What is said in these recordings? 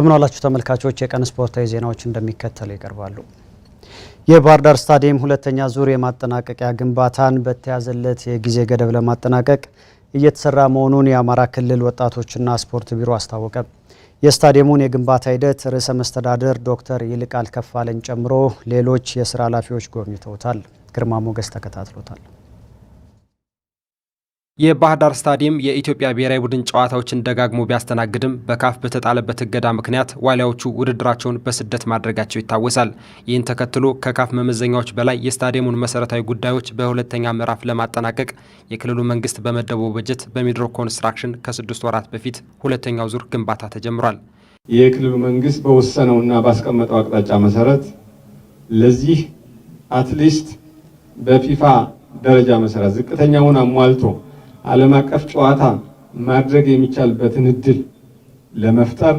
እንደምን ተመልካቾች፣ የቀን ስፖርታዊ ዜናዎች እንደሚከተሉ ይቀርባሉ። የባህር ዳር ስታዲየም ሁለተኛ ዙር የማጠናቀቂያ ግንባታን በተያዘለት የጊዜ ገደብ ለማጠናቀቅ እየተሰራ መሆኑን የአማራ ክልል ወጣቶችና ስፖርት ቢሮ አስታወቀ። የስታዲየሙን የግንባታ ሂደት ርዕሰ መስተዳደር ዶክተር ይልቃል ከፋለን ጨምሮ ሌሎች የስራ ኃላፊዎች ጎብኝተውታል። ግርማ ሞገስ ተከታትሎታል። የባህር ዳር ስታዲየም የኢትዮጵያ ብሔራዊ ቡድን ጨዋታዎችን ደጋግሞ ቢያስተናግድም በካፍ በተጣለበት እገዳ ምክንያት ዋሊያዎቹ ውድድራቸውን በስደት ማድረጋቸው ይታወሳል። ይህን ተከትሎ ከካፍ መመዘኛዎች በላይ የስታዲየሙን መሰረታዊ ጉዳዮች በሁለተኛ ምዕራፍ ለማጠናቀቅ የክልሉ መንግስት በመደበው በጀት በሚድሮክ ኮንስትራክሽን ከስድስት ወራት በፊት ሁለተኛው ዙር ግንባታ ተጀምሯል። የክልሉ መንግስት በወሰነውና ባስቀመጠው አቅጣጫ መሰረት ለዚህ አትሊስት በፊፋ ደረጃ መሰረት ዝቅተኛውን አሟልቶ ዓለም አቀፍ ጨዋታ ማድረግ የሚቻልበትን እድል ለመፍጠር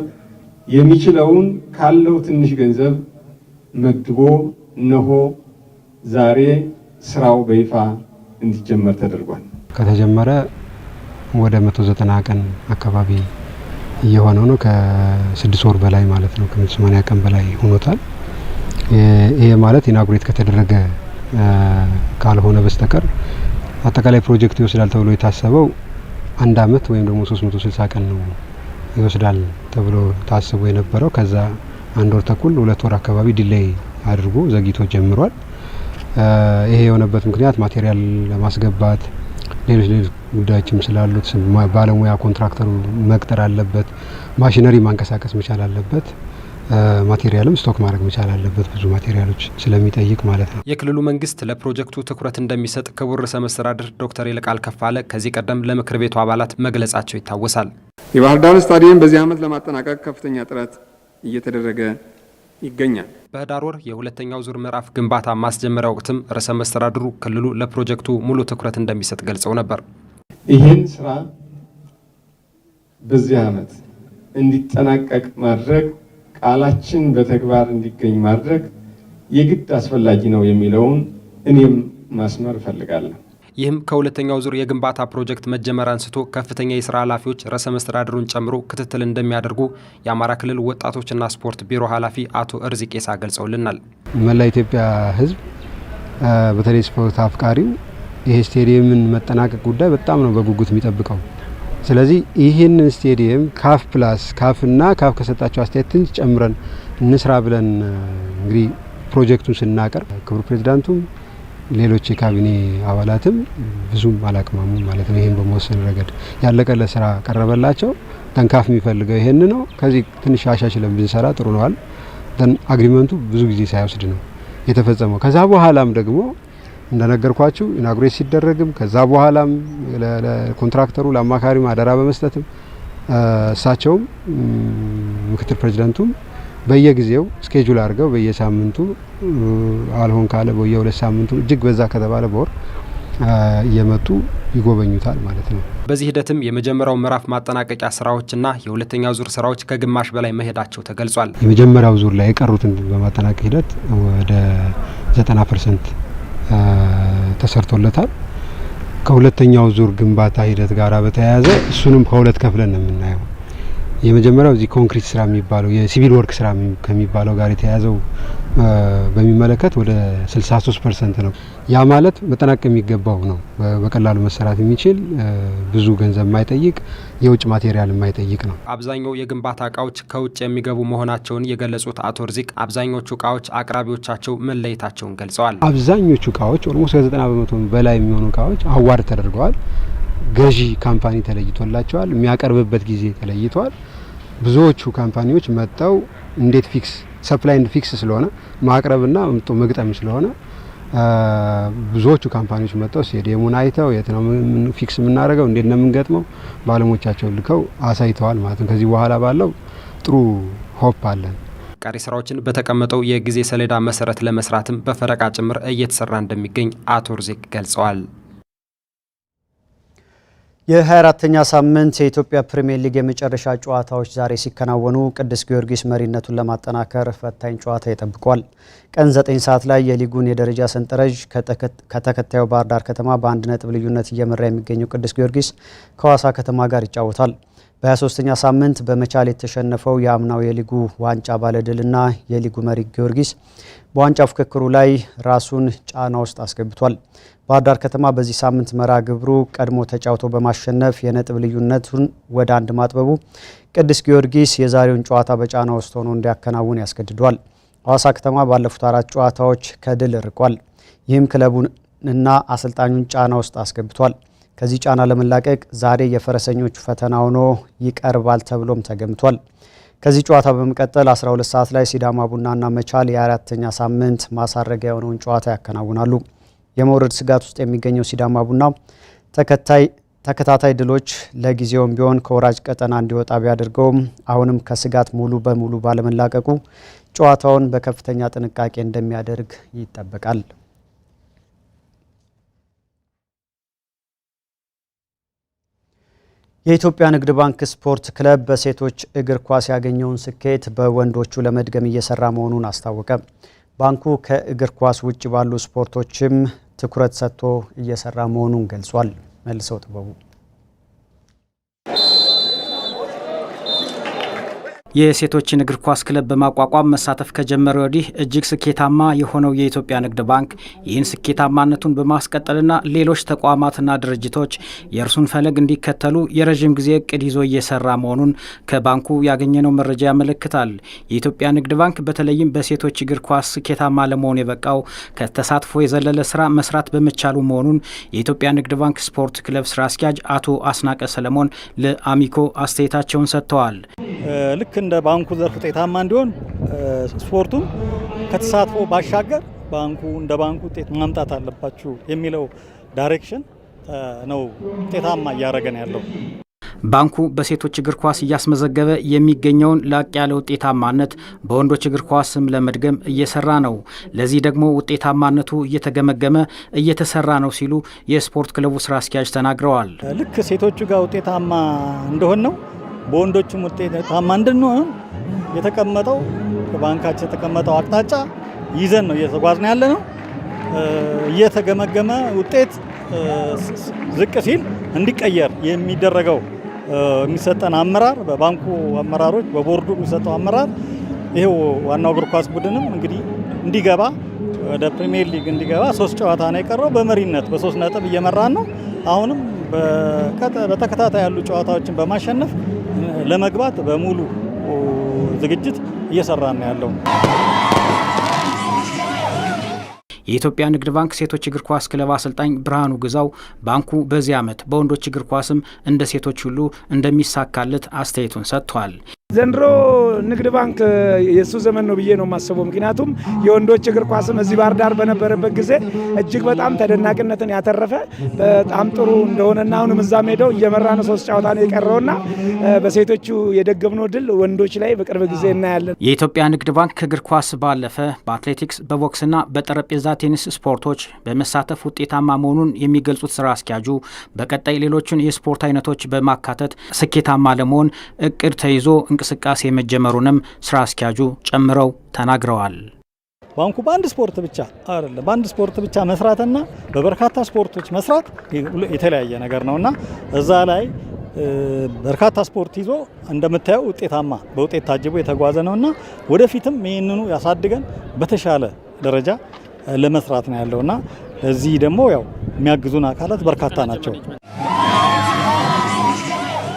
የሚችለውን ካለው ትንሽ ገንዘብ መድቦ እነሆ ዛሬ ስራው በይፋ እንዲጀመር ተደርጓል። ከተጀመረ ወደ 190 ቀን አካባቢ እየሆነው ነው። ከስድስት ወር በላይ ማለት ነው። ከ180 ቀን በላይ ሆኖታል። ይሄ ማለት ኢናጉሬት ከተደረገ ካልሆነ በስተቀር አጠቃላይ ፕሮጀክት ይወስዳል ተብሎ የታሰበው አንድ አመት ወይም ደግሞ 360 ቀን ነው ይወስዳል ተብሎ ታስቦ የነበረው ከዛ አንድ ወር ተኩል ሁለት ወር አካባቢ ዲሌይ አድርጎ ዘግይቶ ጀምሯል። ይሄ የሆነበት ምክንያት ማቴሪያል ለማስገባት ሌሎች ሌሎች ጉዳዮችም ስላሉት ባለሙያ ኮንትራክተሩ መቅጠር አለበት፣ ማሽነሪ ማንቀሳቀስ መቻል አለበት። ማቴሪያልም ስቶክ ማድረግ መቻል አለበት፣ ብዙ ማቴሪያሎች ስለሚጠይቅ ማለት ነው። የክልሉ መንግስት ለፕሮጀክቱ ትኩረት እንደሚሰጥ ክቡር ርዕሰ መስተዳድር ዶክተር ይልቃል ከፋለ ከዚህ ቀደም ለምክር ቤቱ አባላት መግለጻቸው ይታወሳል። የባህር ዳር ስታዲየም በዚህ ዓመት ለማጠናቀቅ ከፍተኛ ጥረት እየተደረገ ይገኛል። በህዳር ወር የሁለተኛው ዙር ምዕራፍ ግንባታ ማስጀመሪያ ወቅትም ርዕሰ መስተዳድሩ ክልሉ ለፕሮጀክቱ ሙሉ ትኩረት እንደሚሰጥ ገልጸው ነበር። ይህን ስራ በዚህ ዓመት እንዲጠናቀቅ ማድረግ ቃላችን በተግባር እንዲገኝ ማድረግ የግድ አስፈላጊ ነው የሚለውን እኔም ማስመር እፈልጋለሁ። ይህም ከሁለተኛው ዙር የግንባታ ፕሮጀክት መጀመር አንስቶ ከፍተኛ የስራ ኃላፊዎች ርዕሰ መስተዳድሩን ጨምሮ ክትትል እንደሚያደርጉ የአማራ ክልል ወጣቶችና ስፖርት ቢሮ ኃላፊ አቶ እርዝ ቄሳ ገልጸውልናል። መላ ኢትዮጵያ ሕዝብ በተለይ ስፖርት አፍቃሪው ይሄ ስቴዲየምን መጠናቀቅ ጉዳይ በጣም ነው በጉጉት የሚጠብቀው። ስለዚህ ይህንን ስቴዲየም ካፍ ፕላስ ካፍና ካፍ ከሰጣቸው አስተያየትን ጨምረን እንስራ ብለን እንግዲህ ፕሮጀክቱን ስናቀርብ ክቡር ፕሬዚዳንቱም ሌሎች የካቢኔ አባላትም ብዙም አላቅማሙ ማለት ነው። ይህን በመወሰን ረገድ ያለቀለ ስራ ቀረበላቸው። ተንካፍ የሚፈልገው ይሄን ነው። ከዚህ ትንሽ አሻሽለን ብንሰራ ጥሩ ነዋል። አግሪመንቱ ብዙ ጊዜ ሳይወስድ ነው የተፈጸመው። ከዛ በኋላም ደግሞ እንደነገርኳችሁ ኢናጉሬት ሲደረግም ከዛ በኋላም ለኮንትራክተሩ ለአማካሪ አደራ በመስጠትም እሳቸውም ምክትል ፕሬዚደንቱም በየጊዜው ስኬጁል አድርገው በየሳምንቱ አልሆን ካለ በየሁለት ሳምንቱ እጅግ በዛ ከተባለ በወር እየመጡ ይጎበኙታል ማለት ነው። በዚህ ሂደትም የመጀመሪያው ምዕራፍ ማጠናቀቂያ ስራዎችና የሁለተኛው ዙር ስራዎች ከግማሽ በላይ መሄዳቸው ተገልጿል። የመጀመሪያው ዙር ላይ የቀሩትን በማጠናቀቅ ሂደት ወደ 90 ፐርሰንት ተሰርቶለታል። ከሁለተኛው ዙር ግንባታ ሂደት ጋር በተያያዘ እሱንም ከሁለት ከፍለን ነው የምናየው። የመጀመሪያው እዚህ ኮንክሪት ስራ የሚባለው የሲቪል ወርክ ስራ ከሚባለው ጋር የተያያዘው በሚመለከት ወደ 63 ፐርሰንት ነው። ያ ማለት መጠናቀቅ የሚገባው ነው። በቀላሉ መሰራት የሚችል ብዙ ገንዘብ የማይጠይቅ የውጭ ማቴሪያል የማይጠይቅ ነው። አብዛኛው የግንባታ እቃዎች ከውጭ የሚገቡ መሆናቸውን የገለጹት አቶ ርዚቅ አብዛኞቹ እቃዎች አቅራቢዎቻቸው መለየታቸውን ገልጸዋል። አብዛኞቹ እቃዎች ኦልሞስት ከ90 በመቶ በላይ የሚሆኑ እቃዎች አዋርድ ተደርገዋል። ገዢ ካምፓኒ ተለይቶላቸዋል። የሚያቀርብበት ጊዜ ተለይቷል። ብዙዎቹ ካምፓኒዎች መጥተው እንዴት ፊክስ ሰፕላይ ንድ ፊክስ ስለሆነ ማቅረብና ምጡ መግጠም ስለሆነ ብዙዎቹ ካምፓኒዎች መጥተው ስቴዲየሙን አይተው የት ነው ፊክስ የምናደርገው እንዴት ነው የምንገጥመው ባለሙያዎቻቸውን ልከው አሳይተዋል ማለት ነው። ከዚህ በኋላ ባለው ጥሩ ሆፕ አለን። ቀሪ ስራዎችን በተቀመጠው የጊዜ ሰሌዳ መሰረት ለመስራትም በፈረቃ ጭምር እየተሰራ እንደሚገኝ አቶ ርዜቅ ገልጸዋል። የ24ተኛ ሳምንት የኢትዮጵያ ፕሪምየር ሊግ የመጨረሻ ጨዋታዎች ዛሬ ሲከናወኑ ቅዱስ ጊዮርጊስ መሪነቱን ለማጠናከር ፈታኝ ጨዋታ ይጠብቋል። ቀን 9 ሰዓት ላይ የሊጉን የደረጃ ሰንጠረዥ ከተከታዩ ባህር ዳር ከተማ በአንድ ነጥብ ልዩነት እየመራ የሚገኘው ቅዱስ ጊዮርጊስ ከዋሳ ከተማ ጋር ይጫወታል። በሶስተኛ ሳምንት በመቻል የተሸነፈው የአምናው የሊጉ ዋንጫ ባለድልና የሊጉ መሪ ጊዮርጊስ በዋንጫ ፉክክሩ ላይ ራሱን ጫና ውስጥ አስገብቷል። ባህር ዳር ከተማ በዚህ ሳምንት መራ ግብሩ ቀድሞ ተጫውቶ በማሸነፍ የነጥብ ልዩነቱን ወደ አንድ ማጥበቡ ቅዱስ ጊዮርጊስ የዛሬውን ጨዋታ በጫና ውስጥ ሆኖ እንዲያከናውን ያስገድዷል። ሐዋሳ ከተማ ባለፉት አራት ጨዋታዎች ከድል ርቋል። ይህም ክለቡንና አሰልጣኙን ጫና ውስጥ አስገብቷል። ከዚህ ጫና ለመላቀቅ ዛሬ የፈረሰኞቹ ፈተና ሆኖ ይቀርባል ተብሎም ተገምቷል። ከዚህ ጨዋታ በመቀጠል 12 ሰዓት ላይ ሲዳማ ቡናና መቻል የአራተኛ ሳምንት ማሳረጊያ የሆነውን ጨዋታ ያከናውናሉ። የመውረድ ስጋት ውስጥ የሚገኘው ሲዳማ ቡና ተከታይ ተከታታይ ድሎች ለጊዜውም ቢሆን ከወራጅ ቀጠና እንዲወጣ ቢያደርገውም አሁንም ከስጋት ሙሉ በሙሉ ባለመላቀቁ ጨዋታውን በከፍተኛ ጥንቃቄ እንደሚያደርግ ይጠበቃል። የኢትዮጵያ ንግድ ባንክ ስፖርት ክለብ በሴቶች እግር ኳስ ያገኘውን ስኬት በወንዶቹ ለመድገም እየሰራ መሆኑን አስታወቀ። ባንኩ ከእግር ኳስ ውጭ ባሉ ስፖርቶችም ትኩረት ሰጥቶ እየሰራ መሆኑን ገልጿል። መልሰው ጥበቡ የሴቶችን እግር ኳስ ክለብ በማቋቋም መሳተፍ ከጀመረ ወዲህ እጅግ ስኬታማ የሆነው የኢትዮጵያ ንግድ ባንክ ይህን ስኬታማነቱን በማስቀጠልና ሌሎች ተቋማትና ድርጅቶች የእርሱን ፈለግ እንዲከተሉ የረዥም ጊዜ እቅድ ይዞ እየሰራ መሆኑን ከባንኩ ያገኘነው መረጃ ያመለክታል። የኢትዮጵያ ንግድ ባንክ በተለይም በሴቶች እግር ኳስ ስኬታማ ለመሆን የበቃው ከተሳትፎ የዘለለ ስራ መስራት በመቻሉ መሆኑን የኢትዮጵያ ንግድ ባንክ ስፖርት ክለብ ስራ አስኪያጅ አቶ አስናቀ ሰለሞን ለአሚኮ አስተያየታቸውን ሰጥተዋል። ልክ እንደ ባንኩ ዘርፍ ውጤታማ እንዲሆን ስፖርቱም ከተሳትፎ ባሻገር ባንኩ እንደ ባንኩ ውጤት ማምጣት አለባችሁ የሚለው ዳይሬክሽን ነው ውጤታማ እያደረገን ያለው። ባንኩ በሴቶች እግር ኳስ እያስመዘገበ የሚገኘውን ላቅ ያለ ውጤታማነት በወንዶች እግር ኳስም ለመድገም እየሰራ ነው። ለዚህ ደግሞ ውጤታማነቱ እየተገመገመ እየተሰራ ነው ሲሉ የስፖርት ክለቡ ስራ አስኪያጅ ተናግረዋል። ልክ ሴቶቹ ጋር ውጤታማ እንደሆን ነው በወንዶችም ውጤት ታማ እንድንሆን የተቀመጠው ባንካችን የተቀመጠው አቅጣጫ ይዘን ነው እየተጓዝን ያለ ነው። እየተገመገመ ውጤት ዝቅ ሲል እንዲቀየር የሚደረገው የሚሰጠን አመራር በባንኩ አመራሮች፣ በቦርዱ የሚሰጠው አመራር ይሄው ዋናው እግር ኳስ ቡድንም እንግዲህ እንዲገባ ወደ ፕሪሚየር ሊግ እንዲገባ ሶስት ጨዋታ ነው የቀረው። በመሪነት በሶስት ነጥብ እየመራን ነው። አሁንም በተከታታይ ያሉ ጨዋታዎችን በማሸነፍ ለመግባት በሙሉ ዝግጅት እየሰራ ነው ያለው። የኢትዮጵያ ንግድ ባንክ ሴቶች እግር ኳስ ክለብ አሰልጣኝ ብርሃኑ ግዛው ባንኩ በዚህ ዓመት በወንዶች እግር ኳስም እንደ ሴቶች ሁሉ እንደሚሳካለት አስተያየቱን ሰጥቷል። ዘንድሮ ንግድ ባንክ የእሱ ዘመን ነው ብዬ ነው የማስበው። ምክንያቱም የወንዶች እግር ኳስም እዚህ ባህር ዳር በነበረበት ጊዜ እጅግ በጣም ተደናቂነትን ያተረፈ በጣም ጥሩ እንደሆነና አሁንም እዛ ሄደው እየመራ ነው ሶስት ጨዋታ ነው የቀረውና በሴቶቹ የደገብነው ድል ወንዶች ላይ በቅርብ ጊዜ እናያለን። የኢትዮጵያ ንግድ ባንክ ከእግር ኳስ ባለፈ በአትሌቲክስ በቦክስና በጠረጴዛ ቴኒስ ስፖርቶች በመሳተፍ ውጤታማ መሆኑን የሚገልጹት ስራ አስኪያጁ በቀጣይ ሌሎችን የስፖርት አይነቶች በማካተት ስኬታማ ለመሆን እቅድ ተይዞ እንቅስቃሴ መጀመሩንም ስራ አስኪያጁ ጨምረው ተናግረዋል። ባንኩ በአንድ ስፖርት ብቻ አይደለም። በአንድ ስፖርት ብቻ መስራትና በበርካታ ስፖርቶች መስራት የተለያየ ነገር ነውና እዛ ላይ በርካታ ስፖርት ይዞ እንደምታየው ውጤታማ በውጤት ታጅቦ የተጓዘ ነውና ወደፊትም ይህንኑ ያሳድገን በተሻለ ደረጃ ለመስራት ነው ያለውና እዚህ ደግሞ ያው የሚያግዙን አካላት በርካታ ናቸው።